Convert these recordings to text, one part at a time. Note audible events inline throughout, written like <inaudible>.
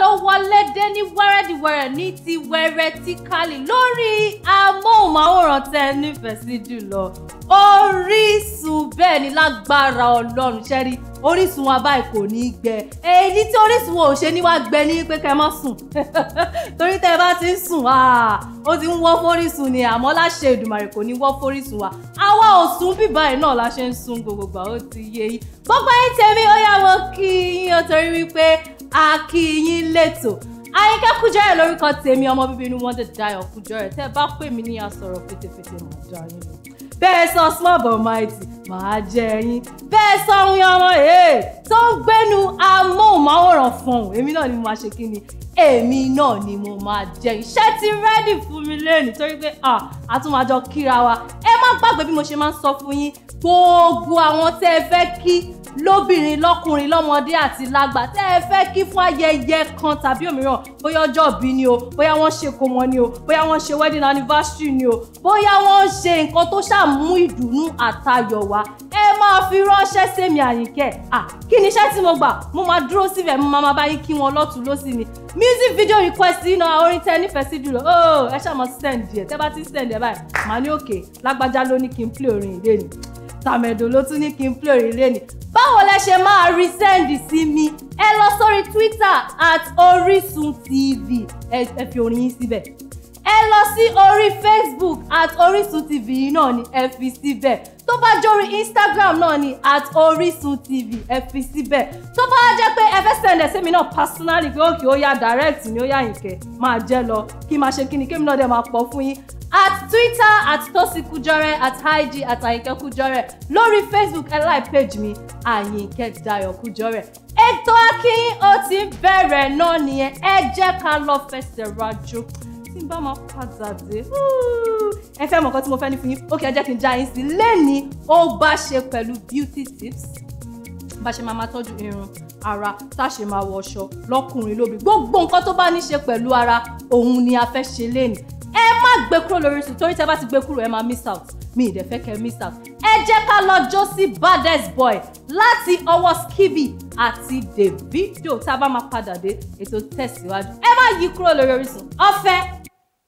ló wọlé dé ní wẹ́rẹ́díwẹ́rẹ́ ní ti wẹ́rẹ́tíkálì lórí amóhùnmáwòrán tẹ nífẹ̀ẹ́ sí jùlọ Orísun bẹ́ẹ̀ ni lágbára Ọlọ́run ṣẹ́rí Orísun wa báyìí kò ní í gbẹ èyí tí Orísun wo ò ṣe ní wá gbẹ ní pé kẹ́ má sùn <laughs> torí tẹ́ ẹ bá ti ń sùn ó ti ń wọ́ fórísun ni àmọ́ láṣẹ Èdùmàrè kò ní wọ́ fórísun wa àwa ò sùn bí báyìí náà la ṣe ń sun gbogbo gbà ó ti yé yín gbogbo ẹ̀yin tèmi ó yá wọn kí yín ó torí wípé akínyìn lẹ́tọ̀ àyíká kújọ́rẹ̀ lórúkọ tèmi ọmọ bíbí inú wọn dẹ̀dá ayọ̀ kújọ́rẹ̀ tẹ́ ẹ bá pè mí ní asọ̀rọ̀ fetefete mọ̀ dá yín lọ bẹ́ẹ̀ sọ small but mighty màá jẹ ẹyin bẹ́ẹ̀ sọ ohun ọmọ èè tó ń gbẹ́nu àmọ́ máa wòran fọhùn èmi náà ni mo máa ṣe kí èmi náà ni mo máa jẹ iṣẹ́ ti rẹ́dì fún mi lẹ́nu torí pé a tún máa jọ kíra wa ẹ má gbàgbé bí mo ṣe máa ń sọ fún yín gbogbo àwọn tẹ́ ẹ fẹ́ kí lóbìnrin lọ́kùnrin lọ́mọdé àti lágbà tẹ́ ẹ fẹ́ kí fún ayẹyẹ kan tàbí òmíràn bóyá ọjọ́ ìbí ni o bóyá wọ́n ṣe kòmọ ni o bóyá wọ́n ṣe wedding anniversary ni o bóyá wọ́n ṣe nǹkan tó ṣàmú ìdùnnú àtayọ̀ wá ẹ máa fi ránṣẹ́ sẹ́mi àyìnkẹ́ à kí ni iṣẹ́ tí mo gbà mo máa dúró sí síbẹ̀ mo máa bá kí wọn lọ́tún lọ́sì ni music video request iná orin tẹ́ nífẹ̀ẹ́ sí jùlọ ooo oh, ẹ ṣàmọ́ stand yẹ tẹ́ bá ti stand ẹ báyìí màá ní òkè lágbájá ló ní kí n play orin ilé ni tàmẹ̀dò ló tún ní kí n play orin ilé ni báwo lẹ ṣe máa resend sí mi ẹ lọ sórí Twitter at Orisun TV ẹ fi orin yín síbẹ̀ ẹ lọ sí orí Facebook at Orisun TV náà ni ẹ fi síbẹ̀ tó bá jórí instagram náà ni at orisun tv ẹ fi síbẹ̀ tó bá jẹ́ pé ẹ fẹ́ sẹ̀ndẹ̀ sẹ́mi náà personally pé òkè ó yá direct ni ó yá ìkẹ́ máa jẹ́ lọ kí máa ṣe kíni kémi náà dẹ̀ máa pọ̀ fún yín at twitter at Tosi tosikujore at ig at ayikekujore lórí facebook ẹ like page mi ayinkedayokujore ètò akínyìn ó ti bẹ̀rẹ̀ náà nìyẹn ẹ jẹ́ ká lọ fẹsẹ̀ rajo tí n bá máa padà dé ẹ fẹ́ mọ̀ nǹkan tí mo fẹ́ ní fún yín ó kì í jẹ́ kí n já yín sí lẹ́ni ó bá ṣe pẹ̀lú beauty tips bá ṣe máa máa tọ́jú irun ara tá a ṣe máa wọṣọ lọ́kùnrin lóbi gbogbo nǹkan tó bá ní ṣe pẹ̀lú ara òun ni a fẹ́ ṣe lẹ́ni ẹ má gbé kúrò lórí sùn torí tẹ bá ti gbé kúrò ẹ máa miss out mi ì dẹ̀ fẹ́ kẹ́ miss out ẹ jẹ́ ká lọ jó sí baddest boy láti ọwọ́ skibi àti davido tá a bá máa padà dé ètò tẹ̀síwájú ẹ má yí kúrò lórí Orísun ọ̀fẹ́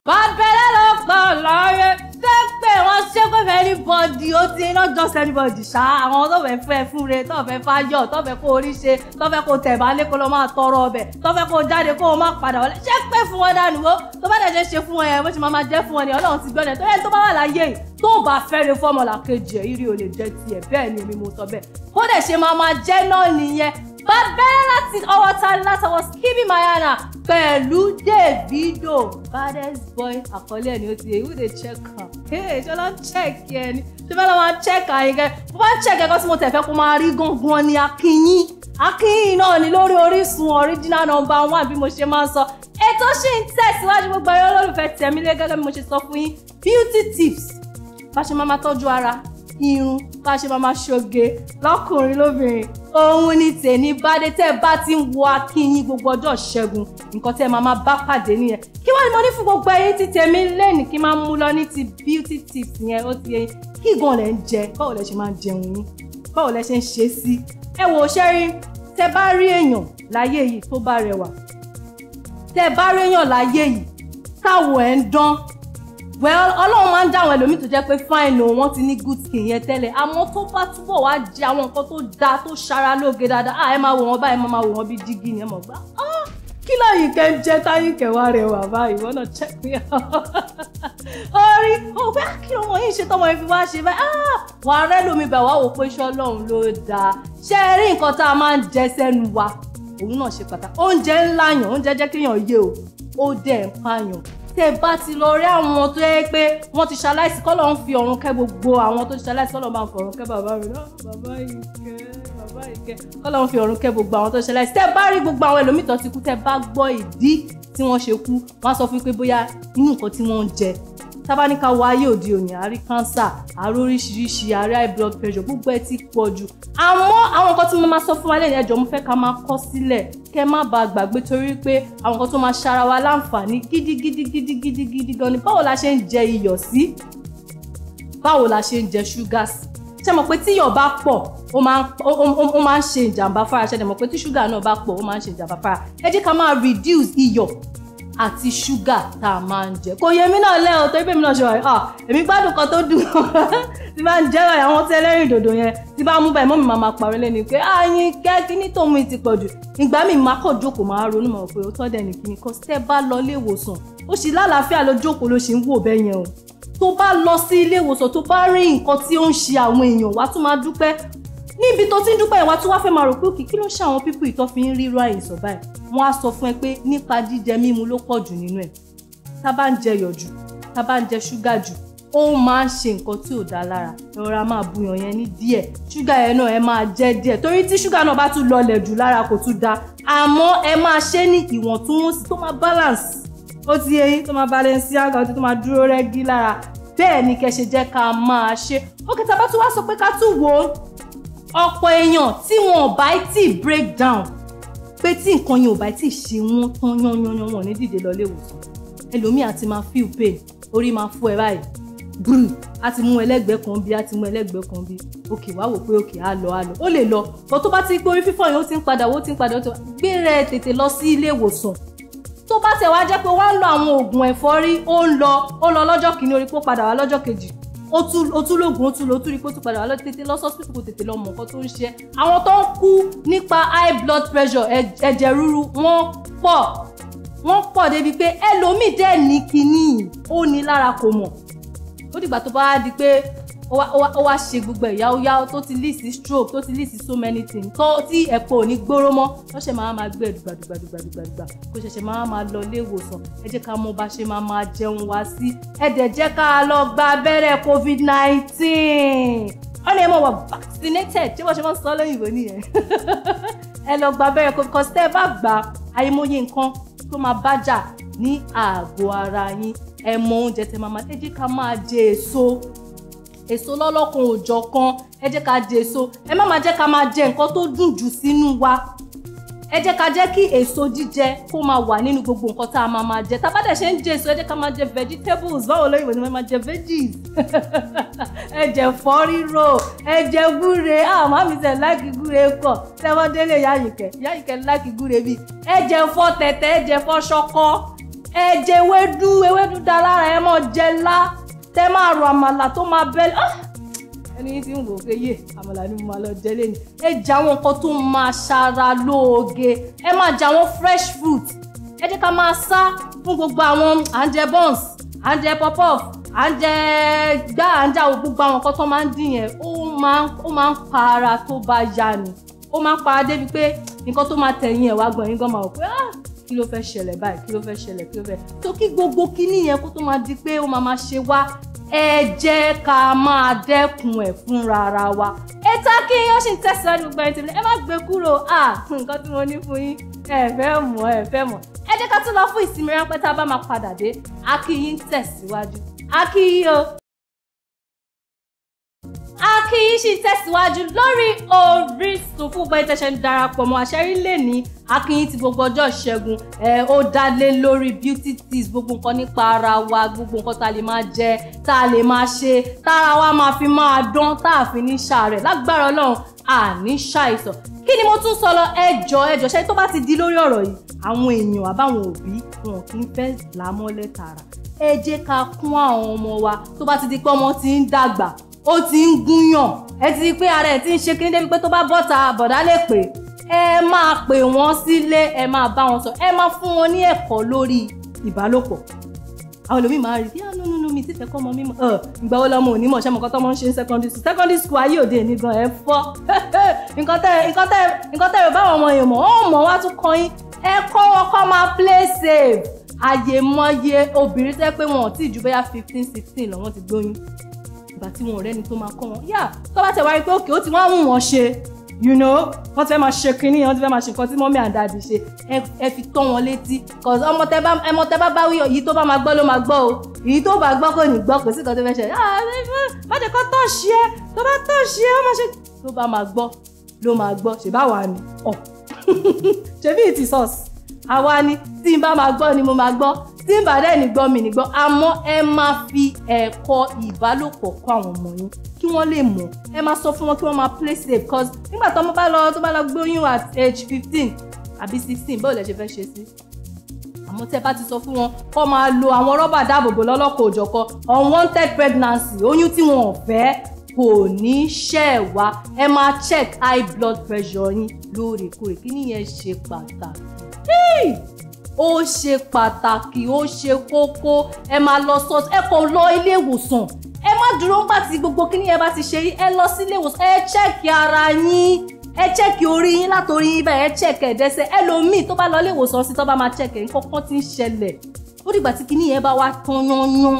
bàbẹ̀rẹ̀ ló pọ̀ lọ́rẹ́ pé pé wọ́n ṣe pé fẹ́ ní bọ́dì ó ti iná just anybody ṣá àwọn tó fẹ́ fẹ́ fún re tó fẹ́ fáyọ̀ tó fẹ́ kó orí ṣe tó fẹ́ kó tẹ̀ balẹ̀ kó lọ máa tọrọ ọbẹ̀ tó fẹ́ kó jáde kó o má padà wọlé ṣé pé fún wọn dànù wo tó bá dẹ̀ ṣe ṣe fún ẹ bó ṣe máa jẹ́ fún ọ ni ọlọ́run ti gbọ́dọ̀ tó yẹ tó bá wà láyé yìí tó bá fẹ́re fọ́mọ̀lá kejì ẹ̀ ìrì ò lè jẹ́ tiẹ̀ bẹ́ẹ̀ ni èmi mo sọ bẹ́ẹ̀ kó dẹ̀ ṣe máa máa jẹ́ náà nìyẹn bẹ̀rẹ̀ láti ọwọ́ tani látọwọ́ skibi mayana pẹ̀lú davido baddest boy àkọlé ẹ̀ ni ó ti yẹ who dey check am hey ṣọlá ń check ẹ ni ṣé fẹ́ lọ́ máa check àyíká bó bá check ẹ̀kọ́ tí mo tẹ̀ fẹ́ kó máa rí gangan ni akínyín akínyìn náà ni lórí orísun original number one bí mo ṣe máa ń sọ ètò ṣì ń tẹ̀síwájú gbogbo ẹ̀rọ olólùfẹ́ tẹ̀mílẹ́ gẹ́gẹ́ bí mo ṣe sọ fún yín beauty tips bá ṣe máa máa tọ́jú ara irun bá ṣe máa máa ṣoge lọ́kùnrin lóbìnrin òun ni tèmi bádé tẹ́ ẹ bá ti ń wo akínyìn gbogbo ọjọ́ ṣẹ́gun nǹkan tẹ́ ẹ máa máa bá pàdé nìyẹn kí wọ́n ní mo ní fún gbogbo ẹyin tí tèmi lẹ́nu kí n máa mú lọ ní ti beauty tips yẹn ó ti yẹn kí gan lẹ́ ń jẹ báwo lẹ ṣe máa jẹun yín báwo lẹ ṣe ń ṣe sí ẹ wò ó ṣẹ́rí tẹ́ bá rí èèyàn láyé yìí tó bá rẹwà tẹ́ bá rí èèyàn láyé yìí táwọn ẹ̀ ń dán well ọlọ́run máa ń dá àwọn ẹlòmíì tó jẹ́ pé fine o wọ́n ti ní good skin yẹn tẹ́lẹ̀ àmọ́ tó bá túbọ̀ wá jẹ àwọn nǹkan tó dáa tó ṣara lóge dáadáa à ẹ máa wò wọ́n báyìí máa máa wò wọ́n bí dígí ni ẹ mọ̀ gbá ah, kí láyìí kẹ́ ń jẹ́ táyì kẹwàá rẹ̀ wà báyìí wọ́n náà check me out orí <laughs> ó pé ah, kí ọmọ yìí ṣe tọmọ yìí fi wá ṣe báyìí ah, wà á rẹ́ lómi bá wà wò pé iṣẹ́ ọlọ́run ló dáa ṣé ẹ rí nǹkan tá a máa ń jẹ sẹ́nu wa òun náà ṣe pàtàkì oúnjẹ ńlá yàn oúnjẹ jẹ́ kéèyàn yé o ó dẹ̀ ń pààyàn tẹ bá ti lọ rí àwọn tó yẹ pé wọ́n ti ṣaláìsí kọ́ lọ́n fi ọ̀run kẹ́ gbogbo àwọn tó ti ṣaláìsí kọ́ lọ́n ń fọ̀run kẹ́ bàbá rẹ̀ ah, bàbá ìkẹ́ bàbá ìkẹ́ kọ́ lọ́n fi ọ̀run kẹ́ gbogbo àwọn tó ti ṣaláìsí tẹ bá rí gbogbo àwọn ẹlòmíì ti kú tẹ bá gbọ́ ìdí tí wọ́n ṣe kú wọ́n á sọ fún pé bóyá inú nǹkan tí wọ́n ń jẹ tábáníkà wá ayé òde òní àárí kánsà àárí oríṣiríṣi àárí high blood pressure gbogbo ẹ ti pọ̀ jù àmọ́ àwọn nǹkan tí mo máa sọ fún wa lẹ́yìn ẹjọ́ mo fẹ́ ká máa kọ́ sílẹ̀ kẹ́ má bàa gbàgbé torí pé àwọn nǹkan tó máa ṣara wa láǹfààní gidigidigidigidigidi gan ni báwo la ṣe ń jẹ iyọ̀ sí báwo la ṣe ń jẹ ṣúgà sí ṣe mọ̀ pé tíyọ̀ bá pọ̀ ó máa ń ṣe ìjàmbá fara ṣe mọ̀ pé tí ṣúgà náà bá pọ̀ ó máa ń ṣe ìjàmbá fara ẹ jẹ́ ká máa reduce iyọ̀ àti ṣúgà tá a máa ń jẹ kò yẹ mí náà lẹ́ o torí pé mi náà ṣe wà á ah, èmi gbádùn kan tó dùn <laughs> tí bá ń jẹ́ àwọn tí ẹlẹ́rìn dòdò yẹn tí bá mú báyìí mọ́ mi máa máa pariwo lẹ́nu pé àyìn ah, kẹ́kí ní tòun ti pọ̀ jù ìgbà mi máa kọ̀ jókòó máa ronú mọ̀ pé ó tọ́ dẹ̀ nìkíni kan tẹ́ bá lọ ilé ìwòsàn ó sì lálàáfíà lọ jókòó ló ṣe ń wò bẹ́ẹ̀ yẹn o tó bá lọ sí ilé ìwòsàn tó bá rí nǹkan tí ó ń ṣe àwọn èèyàn wá tún máa dúpẹ́ níbi tó ti ń dúpẹ́ ìwà tí wọ́n fẹ́ máa rò pé òkè kí ló ṣe àwọn pípù ìtọ́ fi ń rírọ àìsàn báyìí wọ́n á sọ fún ẹ pé nípa jíjẹ mímu ló pọ̀ jù nínú ẹ̀ tá bá ń jẹ iyọ̀ jù tá bá ń jẹ ṣúgà jù ó máa ń ṣe nǹkan tí ò dáa lára ìrora máa buyàn yẹn ní díẹ̀ ṣúgà yẹn náà ẹ máa jẹ díẹ̀ torí tí ṣúgà náà bá tún lọlẹ̀ jù lára kò tún dáa àmọ́ ẹ máa ṣe ní ìwọ̀ntúnwọ̀nsì tó máa balance ó ti eyín tó máa balance àgbà tó máa dúró rẹ́gí lára bẹ́ẹ̀ ni kẹ́ ṣe jẹ́ ká máa ṣe ó kẹta bá tún wá sọ pé ká tún wò ó ọ̀pọ̀ èèyàn tí wọn ò bá tí break down pé tí nǹkan yẹn ò bá tí ì ṣe wọn tán yánnyánnyán wọn ní dìde lọ léwòsàn ẹlòmíì àti máa feel pain orí máa fọ́ ẹ báyìí gbùrù a ti mú ẹlẹ́gbẹ́ kan bí a ti mú ẹlẹ́gbẹ́ kan bí òkè wá wò pé òkè á lọ á lọ ó lè lọ bó tó bá ti pé orí fífọ́ yẹn ó ti ń padà ó ti ń padà ó ti gbé rẹ tètè lọ sí ilé ìwòsàn tó bá tẹ̀ wá jẹ́ pé wọ́n ń lo àwọn oògùn ẹ̀fọ́rí ó ń lọ ó lọ lọ́jọ́ kìíní orí pé ó padà wá lọ́jọ́ kejì ó tún ó tún lóògùn ó tún lò ó tún rí pé ó tún padà wá lọ tètè lọ sọ́sìpìtì kò tètè lọ mọ̀ nǹkan tó ń ṣe àwọn tó ń kú nípa high blood pressure ẹ̀jẹ̀ ríru wọ́n pọ̀ wọ́n pọ̀ débi pé ẹlòmíì dẹ̀ ní kínní ó ní lára kò mọ̀ ó dìgbà tó bá di pé ó wá ṣe gbogbo ẹ̀yáwó yáwó tó ti lead sí stroke tó ti lead sí so many things tó tí ẹ̀pọ̀ ò ní gbóró mọ́ lọ́sẹ̀ máa máa gbé ẹ̀dùgbàdùgbàdùgbàdùgbà kó ṣẹ̀ṣẹ̀ máa máa lọ ilé ìwòsàn ẹ jẹ́ ká mọ bá ṣe máa máa jẹun wá sí ẹ dẹ̀ jẹ́ ká lọ gba abẹ́rẹ́ covid nineteen ó lè mọ wà vaccinated ṣé wọ́n ṣe máa ń sọ lóyìnbó nìyẹn <laughs> ẹ lọ gba abẹ́rẹ́ covid kọ́ sẹ́ẹ̀ bá gbà àìmọye nǹkan tó máa bá jà ní ààbò ara yín ẹ mọ oúnjẹ tẹ máa máa ẹ jẹ́ ká máa jẹ èso èso lọ́lọ́kan òòjọ́ kan ẹ jẹ́ ká jẹ èso ẹ má máa jẹ́ ká máa jẹ nǹkan tó dùn jù sínú wa ẹ jẹ́ ká jẹ́ kí èso jíjẹ kó máa wà nínú gbogbo nǹkan tá a máa máa jẹ tábàdà ṣe ń jẹ èso ẹ jẹ́ ká máa jẹ vegetables báwo lóyún ìwé ni wọ́n máa jẹ veggies <laughs> ẹ jẹ ẹ̀fọ́ ríro ẹ jẹ gúre àmọ́ mi sẹ̀ láìkí gúre kọ̀ tẹ́wọ́n délé yáyìnkẹ́ yáyìnkẹ́ láìkí gúre bíi ẹ jẹ ẹ̀fọ́ tẹ̀tẹ̀ ẹ jẹ ẹ̀fọ́ ṣọkọ ẹ jẹ ewédú ewédú dára ẹ mọ̀ jẹ lá tẹ máa ro àmàlà tó máa bẹ́lẹ̀ ah! ẹni yín ti ń wò ó pé yé àmàlà ni mo máa lọ jẹ lẹ́nu ẹ jẹ àwọn nǹkan tó máa ṣara lóoge ẹ máa jẹ àwọn fresh fruit ẹ jẹ́ ká máa sá fún gbogbo àwọn à ń jẹ buns à ń jẹ pop-off à ń jẹ gbá à ń jẹ àwọn gbogbo àwọn nǹkan tó máa ń dín yẹn ó máa ń pa ara tó bá yá ni ó máa ń pa á débi pé nǹkan tó máa tẹ̀yìn ẹ̀ wá gbọ̀nyìn gan máa wò pé ah kí ló fẹ́ ṣẹlẹ̀ báyìí kí ló fẹ́ ṣẹlẹ̀ kí ló fẹ́ tó kí gbogbo kíní yẹn kó tó máa di pé ó máa máa ṣe wá ẹ jẹ́ ká máa dẹ́kun ẹ̀ fúnra ara wa ètò Akiiyan ṣì ń tẹ̀síwájú gbogbo ẹni tèmi ẹ má gbé kúrò à nǹkan tí mo ní fún yín ẹ fẹ́ mọ̀ ẹ fẹ́ mọ̀ ẹ jẹ́ ká tún lọ fún ìsinmi ráńpẹ́ tá a bá máa padà dé Akiiyan tẹ̀síwájú Akiiyan a kì í sì tẹ̀síwájú lórí Orísun fún gbogbo ìtẹ̀sẹ̀ ń darapọ̀ mọ́ àṣẹ́rí lè ní akínyìn ti gbogbo ọjọ́ ìṣẹ́gun ẹ ó dá lé lórí beauty tips gbogbo nǹkan nípa ara wa gbogbo nǹkan tá a lè máa jẹ tá a lè máa ṣe tára wa máa fi máa dán tá a fi ní ṣàárẹ̀ lágbára Ọlọ́run àní ṣàìsàn kí ni mo tún sọ lọ ẹjọ ẹjọ ṣe tó bá ti di lórí ọ̀rọ̀ yìí àwọn èèyàn àbáwọn òbí wọn kì í fẹ́ làmọ́lẹ̀ tààrà ẹ jẹ́ ká kún àwọn ọmọ wa tó bá ti di pé ọmọ ti ń dàgbà ó ti ń gúnyàn ẹ ti rí i pé ara ẹ̀ ti ń ṣe kíní débi pé tó bá bọ́ta bọ̀dá lè pè ẹ máa pè wọ́n sílé ẹ máa bá wọn sọ ẹ máa fún wọn ní ẹ̀kọ́ lórí ìbálòpọ̀ àwọn olómìn máa rí bí àánú nínú mi ti fẹ́kọ́ ọmọ mímọ́ ìgbà wo lọmọ òní mọ̀ ṣe mọ̀kọ́ tọ́mọ ń ṣe secondary school secondary school ayé òde èní gan ẹ fọ́ <laughs> nǹkan tẹ́ ẹ báwọn ọmọ yẹn mọ̀ ọ́n mọ̀ wá tún kọ́ yín ẹ kọ́ wọn kọ́ máa play safe àyèmọye obìnrin tẹ́ pé wọn ò tí ì ju bóyá fifteen sixteen lọ́wọ́ ti gbóyún ìgbà tí wọn ò rẹ́ni tó máa kọ́ wọn yá tó bá tẹ̀ wá rí pé òkè ó ti wá ń wọn ṣe you know wọ́n ti fẹ́ máa ṣe kínní wọ́n ti fẹ́ máa ṣe nǹkan tí mọ́mí and daddy ṣe ẹ fi tọ́ wọn létí cause ọmọ tẹ bá ẹmọ tẹ bá bá wí èyí tó bá máa gbọ́ ló máa gbọ́ o èyí tó bá gbọ́ kò ní gbọ́ kò sí nǹkan tó fẹ́ ṣe ah, má jẹ́ kó tọ̀ ṣí ẹ tó bá tọ̀ ṣí ẹ ó máa ṣe tó bá máa gbọ́ ló máa gbọ́ ṣèbáwa ni ọ̀ ṣèbí ìtì sọ́ọ̀sì àwa ni tí n bá máa gbọ́ ni mo máa gbọ́ tí n bá dẹ̀ nígbọ́ mi nígbọ́ àmọ́ ẹ máa fi ẹ̀kọ́ ìbálòpọ̀ kọ́ àwọn ọmọ yín kí wọ́n lè mọ̀ ẹ máa sọ fún wọn kí wọ́n máa play safe cause nígbà tó ọmọ bá lọ tó bá lọ gbóyún at age fifteen àbí sixteen báwo lẹ ṣe fẹ́ ṣe sí àmọ́ tẹ́ bá ti sọ fún wọn kọ́ máa lo àwọn rọ́bà dáàbòbò lọ́lọ́kọ̀ òjọ̀kọ unwanted pregnancy oyún tí wọn ò fẹ́ kò ní ṣẹ̀ wá ẹ máa check high blood pressure yín lóòrèkóòrè kí nìyẹn ṣe pàtàkì ó ṣe pàtàkì ó ṣe kókó ẹ máa lọ sọ ẹ kò lọ ilé ìwòsàn ẹ má dúró nígbà tí gbogbo kíní ẹ bá ti ṣe ẹ lọ sí ilé ìwòsàn ẹ chẹ́ẹ̀kì ara yín ẹ chẹ́ẹ̀kì orí yín látòrí yín bẹ́ẹ̀ ẹ chẹ́ẹ̀kì ẹ̀dẹ́sẹ̀ ẹlòmíì tó bá lọ ilé ìwòsàn sí tó bá máa chẹ́ẹ̀kì nǹkan kan ti ń ṣẹlẹ̀ ó dìgbà tí kíní yẹn bá wá tán yán yán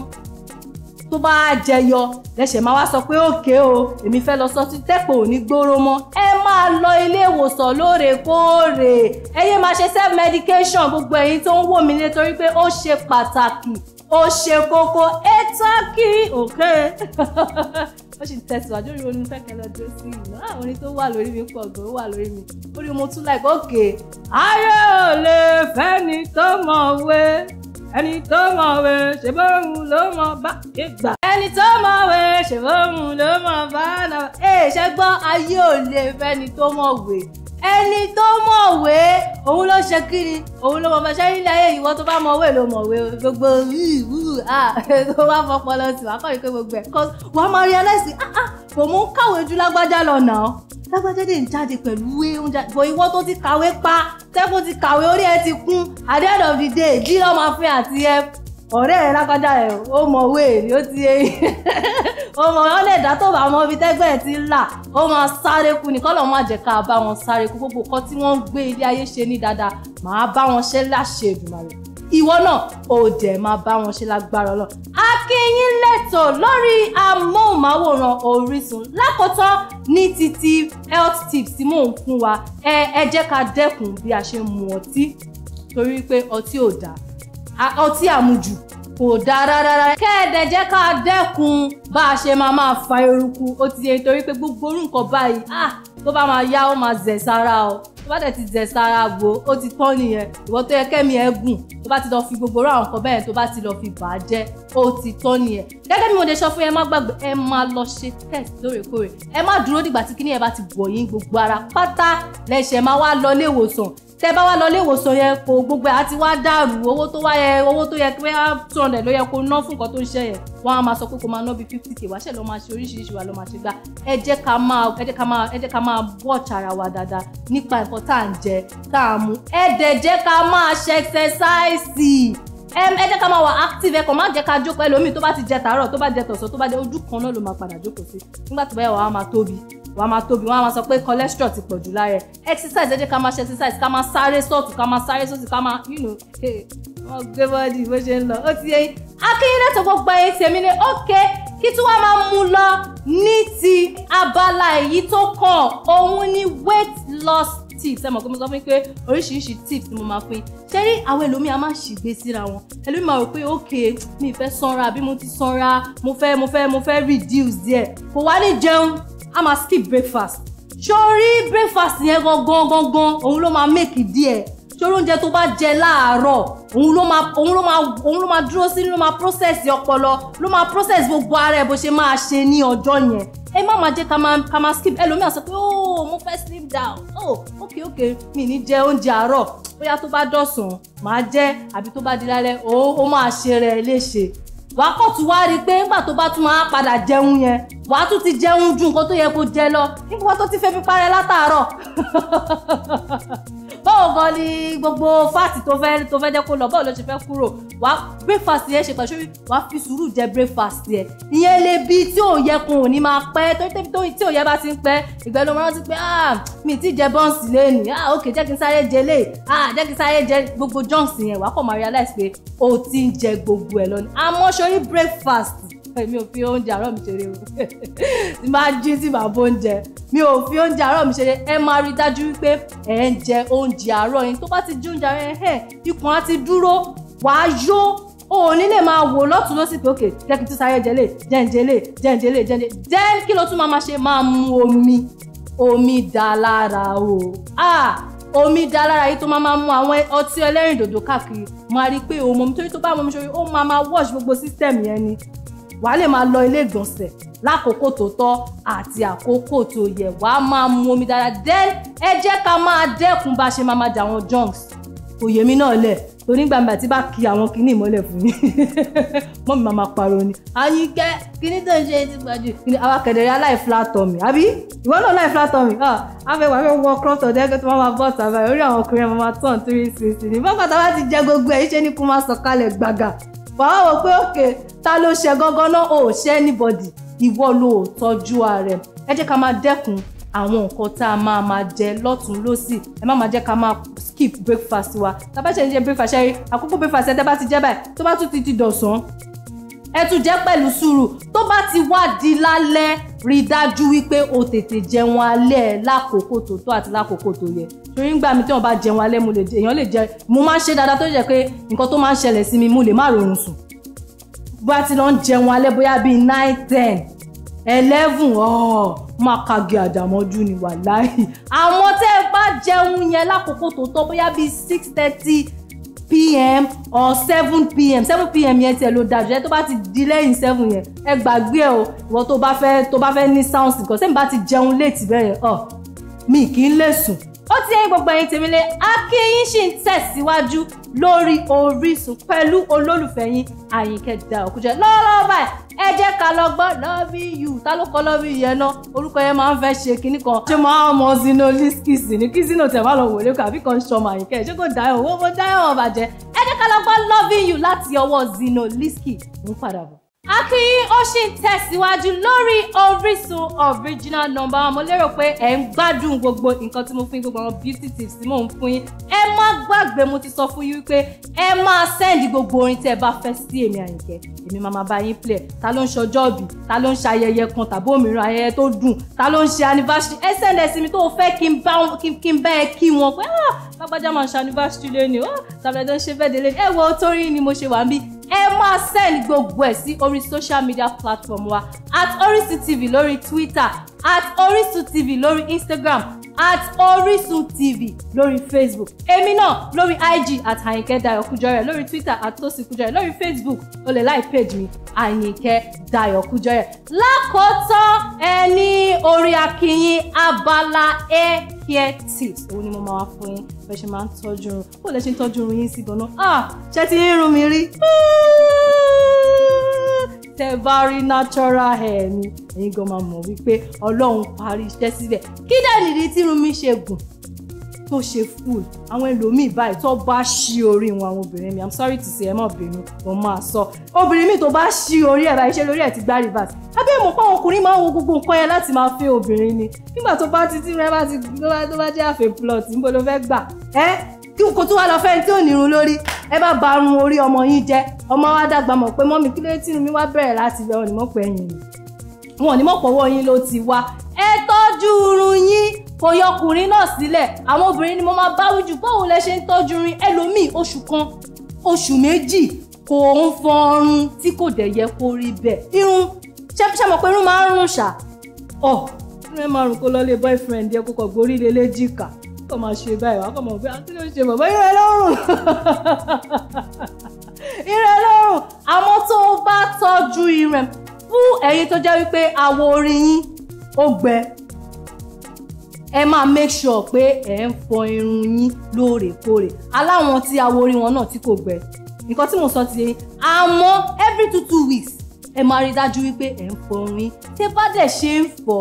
tó bá jẹyọ lẹ́sẹ̀ máa wá sọ pé òkè o èmi fẹ́ lọ sọ sí tẹ́pọ̀ ò gbóró mọ́ ẹ máa lọ ilé ìwòsàn lóòrèkóòrè ẹ máa ṣe self medication gbogbo ẹ̀yin tó ń wò mí lé torí pé ó ṣe pàtàkì ó ṣe kókó ẹ òkè <laughs> ó sì tẹ̀síwájú orí orin fẹ́kẹ́ lọ dúró sí ìlú ah, àwọn orin tó wà lórí mi pọ̀ gan wà lórí mi ó mo tún láì gòkè ayé ò lè fẹ́ni tó mọ̀ wé ẹni tó mọ̀wé ṣèbóhùn ló mọ̀ bá yé gbà. ẹni tó mọ̀wé ṣèbóhùn ló mọ̀ bá náà. ẹ ṣẹ́gbọ́n ayé ò lè fẹ́ni tó mọ̀wé ẹni tó mọ̀wé òun ló ṣe kíni òun ló mọ̀ fẹsẹ̀ nílẹ̀ ayé ìwọ tó bá mọ̀wé ló mọ̀wé gbogbo wúwú <laughs> tó bá fọpọ lọ sí wàá kọ́ ni pé gbogbo ẹ̀ kọ́ wàá máa rí ẹlẹ́sìn ah, ah, kò mú kàwé ju lágbájá lọ nà ọ́ lágbájá dé ń jáde pẹ̀lú oúnjẹ bọ̀ ìwọ tó ti kàwé pa tẹ́kùn ti kàwé orí ẹ ti kún at the end of the day jí lọ́ọ́ máa fẹ́ àti ẹ ọ̀rẹ́ ẹ̀ lákọjá ẹ̀ ó mọ wéèrè ó ti eyín <laughs> ó mọ wọn lè dá tó bá mọ ibi tẹ́gbẹ́ ẹ̀ ti ń là ó máa sáré kú ní kọ́lọ̀ máa jẹ́ ká bá wọn sáré kú gbogbo kan tí wọ́n ń gbé ilé ayé ṣe ní dáadáa màá bá wọn ṣe láṣẹ Èdùmàrè ìwọ náà ó dẹ̀ máa bá wọn ṣe lágbára Ọlọ́run akínyín lẹ́tọ̀ lórí amóhùnmáwòrán Orísun lákòótán ní títí health tips tí mò ń fún wa ẹ ẹ jẹ́ ká dẹ́kun bí a ṣe mu ọtí torí pé ọtí ò dáa ọtí àmujù kò dáa rárá kẹ́ẹ̀dẹ̀ jẹ́ ká dẹ́kun bá a ṣe máa máa fa eruku ó ti yẹ nítorí pé gbogbo orú báyìí ah tó bá máa yá ó máa zẹ̀ sára o tó bá dẹ̀ ti zẹ̀ sára gbo ó ti tán nìyẹn ìwọ tó yẹ kẹ́mi ẹ̀ gùn tó bá ti lọ fi gbogbo orú nǹkan bẹ́ẹ̀ tó bá ti lọ fi bà á jẹ́ ó ti tán nìyẹn gẹ́gẹ́ bí mo lè sọ fún yẹn má gbàgbé ẹ máa lọ ṣe test lóòrèkóòrè ẹ má dúró dìgbà tí kíní yẹn bá ti bọ̀ yín gbogbo ara pátá lẹ́sẹ̀ máa wá lọ ilé ìwòsàn tẹ bá wá lọ ilé ìwòsàn yẹn kò gbogbo àti wá dàrú owó tó wá yẹ owó tó yẹ pé á two hundred ló yẹ kó ná fún nǹkan tó ń ṣe yẹn wọn á máa sọ pé kó máa ná bíi fifty k wáṣẹ lọ máa ṣe oríṣiríṣi wa lọ máa ṣe gbà ẹ jẹ́ ká máa ẹ jẹ́ ká máa ẹ jẹ́ ká máa watch ara wa dáadáa nípa nǹkan tá à ń jẹ tá à ń mu ẹ dẹ̀ jẹ́ ká máa ṣe exercise ẹ jẹ́ ká máa wà active ẹ kàn má jẹ́ ká jókòó ẹlòmíì tó bá ti jẹ tàárọ̀ tó bá jẹ tọ̀sán tó bá jẹ ojú kan náà ló máa padà jókòó sí nígbà tó bá yẹ wàá máa tóbi wàá máa tóbi wàá máa sọ pé cholesterol ti pọ̀ jù lára exercise ẹ jẹ́ ká máa ṣe exercise ká máa sáré sọ́ọ̀tù ká máa sáré sọ́ọ̀tù ká máa you know wọ́n gbé bọ́ọ̀dì bó ṣe ń lọ ó ti yẹ yín akínyínlẹ̀ tó gbogbo ẹ̀yìn tèmi ni ok kí tí wọ́n máa mú lọ ní ti abala èyí tó kàn òun ni weight loss tips ẹ mọ̀ pé mo sọ fún yín pé oríṣiríṣi tips ni mo máa fún yín ṣé rí àwọn ẹlòmíì a máa ṣègbè síra wọn ẹlòmíì máa rò pé ok mi fẹ́ sanra àbí mo ti sanra mo fẹ́ mo fẹ́ mo fẹ́ reduce díẹ̀ kò wá ní jẹun a máa skip breakfast sórí breakfast yẹn gangan gangan òun ló máa make díẹ̀ sórí oúnjẹ tó bá jẹ láàárọ̀ òun ló máa òun ló máa òun ló máa dúró sí ló máa process ọpọlọ ló máa process gbogbo ara ẹ bó ṣe máa ṣe ní ọjọ́ yẹn ẹ má máa jẹ́ ká máa ká máa skip ẹlòmíràn sọ pé ooo oh, mo fẹ́ sleep down oh ok ok mi ní jẹ oúnjẹ àárọ̀ bóyá tó bá dọ̀sán màá jẹ àbí tó bá di lálẹ́ ó ó máa ṣe rẹ̀ léṣe wàá kọ̀ tún wá rí i pé nígbà tó bá tún máa padà jẹun yẹn wàá tún ti jẹun ju nǹkan tó yẹ kó jẹ lọ nígbà tó ti fẹ́ fi parẹ́ látàárọ̀ <laughs> báwo gan ni gbogbo fáàtì tó fẹ́ tó fẹ́ jẹ́ kó lọ báwo ló ṣe fẹ́ kúrò wàá breakfast yẹn ṣe pàṣẹ wàá fi sùúrù jẹ breakfast yẹn ìyẹn lè bi tí ò yẹ kó ní máa pẹ́ tí ò yẹ bá ti ń pẹ́ ìgbẹ́ ló rántí pé ah mi ti jẹ bọ́ǹsì lẹ́nu ah ok jẹ́ kí n sáré jẹ lé ah jẹ́ kí n sáré jẹ gbogbo junks yẹn wàá kọ̀ máa realize pé o ti ń jẹ gbogbo ẹ̀ lọ ni mi ò fi oúnjẹ àárọ̀ mi ṣeré o tí máa jí sí màá bó mi ò fi oúnjẹ àárọ̀ mi ṣeré ẹ máa rí i dájú wípé ẹ ń jẹ oúnjẹ àárọ̀ yẹn tó bá ti jí oúnjẹ àárọ̀ yẹn hẹ̀ ikùn á ti dúró wàá yó òun nílé máa wò lọ́tún lọ́sì pé òkè jẹ́ kí n tún sáré jẹlé jẹ́njẹlé jẹ́ kí ló tún máa ṣe máa mu omi omi dá lára o ah omi dá lára yìí tó máa máa mu àwọn ọtí ẹlẹ́rìndòdò káàkiri máa rí i pé òun mọ̀ torí tó bá mọ̀ mi sórí ó máa máa wash gbogbo system yẹn ni wàá lè máa lọ ilé ìgbọ̀nsẹ̀ lákòókò tó tọ́ àti àkókò tó yẹ wàá máa mu omi dáadáa then ẹ jẹ́ ká máa dẹ́kun bá a ṣe máa máa jà wọn junks kò yé mi náà lẹ̀ torí gbàgbà tí bá ki àwọn kinní ìmọ́lẹ̀ fún mi <laughs> mọ́ mi máa ma pariwo ni. àyíkẹ́ kinní tó ń ṣe ti gbàjú kinní àwa kẹ̀dẹ̀rẹ́ aláìflatọ̀ mi àbí ìwọ náà aláìflatọ̀ mi àfẹwà ah, fẹ́ wọ crop top dẹ́gbẹ́ tó máa ma bọ́ sábà orí àwọn ọkùnrin máa ma tán three sixty ní bọ́kàtà bá ti jẹ gbogbo ẹ̀ ṣe ni kó máa sọ̀kalẹ̀ gbàgà wàá wò pé òkè ta ló ṣe gangan náà ò ṣe anybody ìwọ ló tọ́jú ààrẹ ẹ jẹ́ ká máa dẹ́kun àwọn nǹkan tá a máa máa jẹ lọ́tún lọ́sì ẹ má máa jẹ́ ká máa skip breakfast wa tá a bá ṣe ń jẹ breakfast ṣẹ́rí àkókò breakfast ẹ tẹ́ bá ti jẹ́ báyìí tó bá tún ti di dọ̀sán ẹ tún jẹ́ pẹ̀lú sùúrù tó bá ti wá di lálẹ́ rí i dájú wípé o tètè jẹun alẹ́ lákòókò tó tó àti lákòókò tó yẹ torí ńgbà mi tí wọn bá jẹun alẹ́ mo lè jẹ èèyàn lè jẹ mo máa ń ṣe dáadáa tó jẹ pé nǹkan tó máa ń ṣẹlẹ̀ sí mi mo lè má rọrùn sùn bó a ti lọ ń jẹun alẹ́ bóyá bíi nine ten eleven ọ̀ọ́ máa kagi àdàmọ́jú ni wàláhì àmọ́ tẹ́ ẹ bá jẹun yẹn lákòókò tó tọ́ bóyá bíi six thirty pm or seven pm seven pm yẹn tiẹ̀ ló dájú ẹ tó bá ti di lẹ́yìn seven yẹn ẹ gbàgbé ẹ o ìwọ tó bá fẹ́ tó bá fẹ́ ní sound nǹkan sẹ́yìn bá ti jẹun léètì bẹ́ẹ̀ yẹn ọ̀ mi kì í lè sùn ó ti yẹ gbogbo ẹ̀yin tèmi lé akínyìn sì ń tẹ̀síwájú lórí Orísun pẹ̀lú olólùfẹ́ yín Àyìnkẹ́ Dàòkújẹ́ lọ́wọ́lọ́wọ́ báyìí ẹ jẹ́ ká lọ love you ta ló kọ́ love you yẹn náà orúkọ yẹn máa ń fẹ́ ṣe kinní kan ṣé máa mọ zino liskisi ní kí zino tẹ̀ bá lọ wòlé kàbí kan ṣọmọ Àyìnkẹ́ ṣé kò dá ẹ̀wọ̀n wọ́n dá ẹ̀wọ̀n bàjẹ́ ẹ jẹ́ ká lọ love you láti ọwọ́ zino liski ń padà bọ̀. Akin ó ṣì ń tẹ̀síwájú lórí Orísun original number one mo lérò pé ẹ̀ ń gbádùn gbogbo nǹkan tí mo fún yín gbogbo àwọn beauty tips tí mò ń fún yín ẹ má gbàgbé mo ti sọ fún yín pé ẹ máa sẹ́ndì gbogbo orin tí ẹ bá fẹ́ sí èmi Àyìnkẹ́ èmi máa máa bá yín plẹ̀ ta ló ń ṣọjọ́ ìbí ta ló ń ṣe ayẹyẹ kan tàbí òmíràn ayẹyẹ tó dùn ta ló ń ṣe anniversary ẹ sẹ́ndẹ̀ sí mi tó o fẹ́ kí n bá ẹ kí wọn pé lágbájá ah, máa ṣe anniversary lé ni ó ah, tàbí ẹ ẹ máa send gbogbo ẹ̀ sí orí social media platform wa at Orisun TV lórí Twitter at Orisun TV lórí Instagram at Orisun TV lórí Facebook èmi náà lórí IG at Àyìnkẹ́ Dayọ̀ Kújọrẹ̀ lórí Twitter at Tosin Kújọrẹ̀ lórí Facebook o lè like page mi Àyìnkẹ́ Dayọ̀ Kújọrẹ̀ lákòótán ẹni orí akínyìn abala ẹ. E hair tips òun ni mo máa wá fún yín bẹ́ẹ̀ ṣe máa ń tọ́jú irun bó lẹ ṣe ń tọ́jú irun yín sí gan ah ṣé ti ń rún mi rí tẹ bá rí natural hair mi ẹ̀yin gan máa mọ̀ wípé ọlọ́run parí iṣẹ́ síbẹ̀ kí dẹ̀ nìdí tí irun mi ṣe gùn tó ṣe full àwọn ẹlòmíì báyìí tó bá ṣí orí wọn àwọn obìnrin mi i'm sorry to say ẹ má bínú mo máa sọ obìnrin mi tó bá ṣí orí ẹ̀ báyìí ṣe lórí ẹ̀ ti gbá reverse abẹ́ mọ̀ pé àwọn ọkùnrin máa ń wo gbogbo nǹkan yẹn láti máa fẹ́ obìnrin ni nígbà tó bá títí rẹ bá ti tó bá jẹ́ àfẹ́ plot níbo ló fẹ́ gbà ẹ́ kí kò tó wá lọ fẹ́ tí ò ní irun lórí ẹ bá ba irun orí ọmọ yín jẹ ọmọ wa dàgbà mọ̀ pé mọ́mí kí tí mi wá bẹ̀rẹ̀ láti bẹ̀ wọn ni mọ̀ pé ẹ̀yìn ni wọn ni mọ̀ pọ̀wọ́ yín ló ti wá ẹ tọ́jú irun yín kò yọ ọkùnrin náà sílẹ̀ àwọn obìnrin ni mo máa bá wíjù báwo lẹ ṣe ń tọ́jú rin ẹlòmíì oṣù kan oṣù méjì kò ń fọrun tí kò dẹ̀ yẹ kó rí bẹ́ẹ̀ irun ṣe mọ̀ pé irun máa ń rùn ṣá ọ̀ irun máa rùn kó lọ lé boyfriend yẹ kó kọ̀ gborí lé léjìká kò máa ṣe báyìí wàá kò mọ̀ pé àti ah, ló ṣe bàbá irun ẹ̀ lọ́rùn <laughs> irun ẹ̀ lọ́rùn àmọ́ tó bá tọ́jú irun fún ẹ̀yin tó jẹ́ wípé àwọ̀ orin yín ó gbẹ ẹ máa make sure pé ẹ ń fọ irun yín lóòrèkóòrè aláwọn tí awọ orí wọn náà tí kò gbẹ nǹkan tí mo sọ ti yẹn àmọ́ every two two weeks ẹ máa rí dájú wípé ẹ ń fọ irun yín tẹ bá dẹ̀ ṣe ń fọ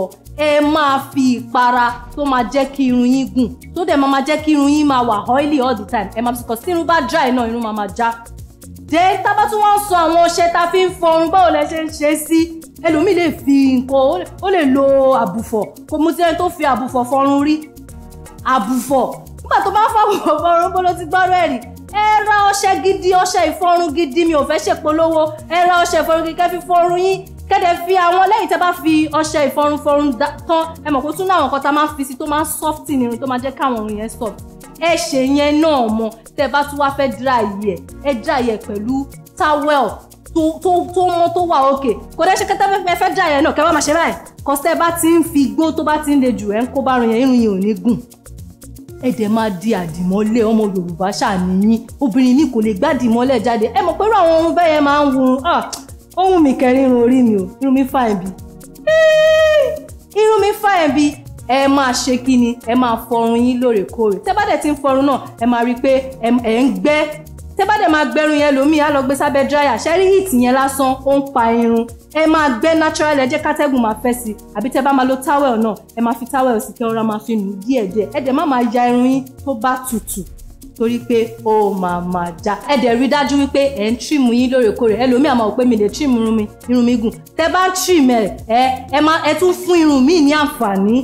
ẹ máa fi ìpara tó máa jẹ́ kí irun yín gùn tó dẹ̀ máa jẹ́ kí irun yín máa wà oily all the time ẹ máa fi kọ̀ sí irun bá dry náà irun máa máa já. dé tábà tún wọ́n sọ àwọn ọṣẹ tá a fi ń fọ irun báwo lẹ ṣe ń ṣe sí. Si ẹlòmíì lè fi nǹkan ó lè lo àbùfọ̀ kò mú sí ẹni tó fi àbùfọ̀ fọrun rí àbùfọ̀ nígbà tó bá fọwọ́ fọrun bó ló ti gbọ́rọ̀ ẹ̀rí ẹ ra ọṣẹ gidi ọṣẹ ìfọrun gidi mi ò fẹ́ ṣèpolówó ẹ ra ọṣẹ ìfọrun gidi kẹ́ fi fọrun yín kẹ́dẹ̀ fi àwọn lẹ́yìn tẹ́ bá fi ọṣẹ ìfọrun fọrun tán ẹ mọ̀ kó tún láwọn nǹkan tá a máa ń fi sí tó máa ń sọ́fìtì nìrìn tó máa jẹ́ káwọn òrìn yẹn soft ẹ ṣe yẹn náà mọ tẹ́ bá tún wá fẹ́ dry yẹ ẹ dry yẹ pẹ̀lú towel tó tó tó mọ́ tó wà òkè kò dẹ́ ṣe kẹ́tẹ́ fẹ́ fẹ́ jà yẹn náà kẹ́ bá máa ṣe báyìí kọ́sẹ́ bá ti ń fi igbó tó bá ti ń le jù ẹ̀ ń kó bá run yẹn irun yẹn ò ní gùn ẹ dẹ̀ máa di àdìmọ́lẹ̀ ọmọ yorùbá ṣàníyí obìnrin mi kò lè gbàdìmọ́lẹ̀ jáde ẹ mọ̀ pé àwọn ohun bẹ́ẹ̀ yẹn máa ń wun ohun ah, mi kẹrin irun orí mi o irun mi fà ẹ̀bi irun mi fà ẹ̀bi ẹ máa ṣe kí ni ẹ máa fọrun yín lóòrèkóòrè tẹ́ bá dẹ̀ ti ń fọrun náà ẹ máa rí i pé ẹ ń gbẹ́ tẹ́ bá dẹ̀ máa gbẹrun yẹn lómi á lọ gbé sábẹ́ dráyà ṣẹ́rí heat yẹn lásán ó ń pa irun ẹ máa gbẹ́ natural ẹ jẹ́ kátẹ́gùn máa fẹ́ sí i àbí tẹ́ bá máa lo towel náà ẹ máa fi towel sí kẹ́ ọ̀rá máa fi nù díẹ̀díẹ̀ ẹ dẹ̀ má máa ya irun yín tó bá tutù torí pé ó máa máa já ẹ dẹ̀ rí dájú wípé ẹ̀ ń tírìmù yín lóòrèkóòrè ẹlòmíì àmọ́ pé mi lè tírìmù irun mi irun mi gùn tẹ bá ń tírìmù ẹ ẹ tún fún irun mi ní àǹfààní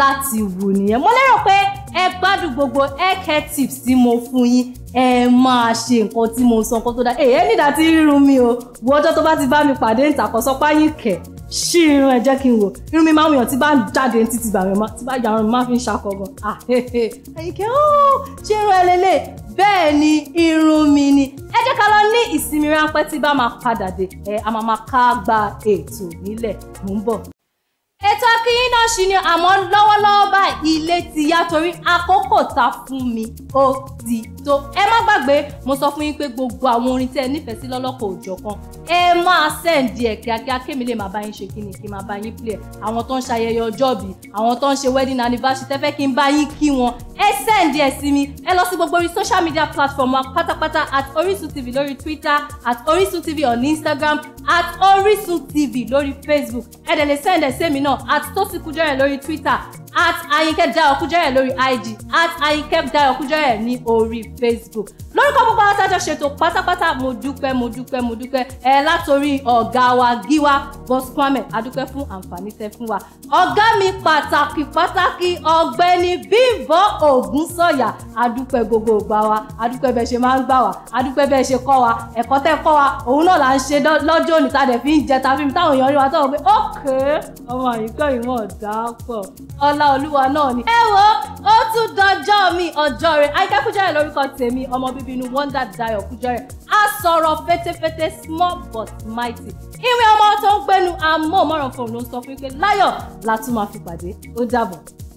láti wù nìyẹn mo lérò pé ẹ gbádùn gbogbo haircare tips tí mo fún yín ẹ máa ṣe nǹkan tí mo sọ nǹkan tó dáa èyí nígbà tí rírun mi o wo ọjọ́ tó bá ti bá mi pàdé ìtàkọ́sọ́pá yín kẹ̀ ṣí irun ẹ jẹ́ kí n wò irun mi máa ń wòyàn tí bá ń jáde ní títí bàmí tí bá yàrá mi máa fi ń ṣàkọgàn àyíkẹ́ ah, ooo oh, ṣé irun ẹ lélẹ̀ bẹ́ẹ̀ ni irun mi ni ẹ jẹ́ ká lọ ní ìsinmi ráńpẹ́ tí bá máa padà dé ẹ a máa máa ká gba ètò nílẹ̀ mò ń bọ̀ ètò akínyìn náà ṣì ni àmọ́ lọ́wọ́lọ́wọ́ báyìí ilé ti yá torí àkókò ta fún mi ó ti tó ẹ má gbàgbé mo sọ fún yín pé gbogbo àwọn orin tẹ́ nífẹ̀ẹ́ sí lọ́lọ́kọ̀ òjọ̀kan ẹ máa sẹ́ǹdì ẹ̀ kíákíá kémi lè máa bá yín ṣe kí ni kí n máa bá yín play àwọn tó ń ṣayẹyẹ ọjọ́ bí àwọn tó ń ṣe wedding anniversary tẹ́fẹ́ kí n bá yín kí wọn ẹ sẹ́ǹdì ẹ̀ sí mi ẹ lọ sí gbogbo orí social media platform wa pátápátá at Orisun TV lórí Twitter at Orisun TV on Instagram at Orisun TV lórí Facebook ẹ dẹ̀ lè sẹ́ǹdì ẹ̀ sẹ́mi n náà at Tosin Kujore lórí Twitter at Ayinke Dayo Kujore lori IG at Ayinke Dayo Kujore ni ori Facebook lórúkọ gbogbo àwọn tájọ ṣètò pátápátá mo dúpẹ́ mo dúpẹ́ mo dúpẹ́ ẹ látòrí ọ̀gá wa Gíwá Boss Kwame adúpẹ́ fún àǹfààní tẹ́ fún wa ọ̀gá mi pàtàkì pàtàkì ọ̀gbẹ́ni Bímbọ́ Ògúnsọ̀yà adúpẹ́ gbogbo ògbà wa adúpẹ́ bẹ́ẹ̀ ṣe máa ń gbà wá adúpẹ́ bẹ́ẹ̀ ṣe kọ́ wa ẹ̀kọ́ tẹ́ kọ́ wa òun náà là ń ṣe lọ́jọ́ òní tá a dẹ̀ fi ń jẹ ta fi táwọn èèyàn rí wa tó wọ pé ókè ọmọ àyíká ìwọ̀n dà pọ̀ ọl ọláolúwa náà ni. ẹ wo ó tún dọjọ́ mi ọjọ́ rẹ̀ àyíká kújọ́rẹ̀ lórúkọ tèmi ọmọ bíbí inú wonder dayo kújọ́rẹ̀ á sọ̀rọ̀ fetefete small but mighty. ìwé ọmọ tó ń gbénu amóhùnmáwòrán fòun ló ń sọ fún pé láyọ̀ la tún máa fi pàdé ó dàbọ̀.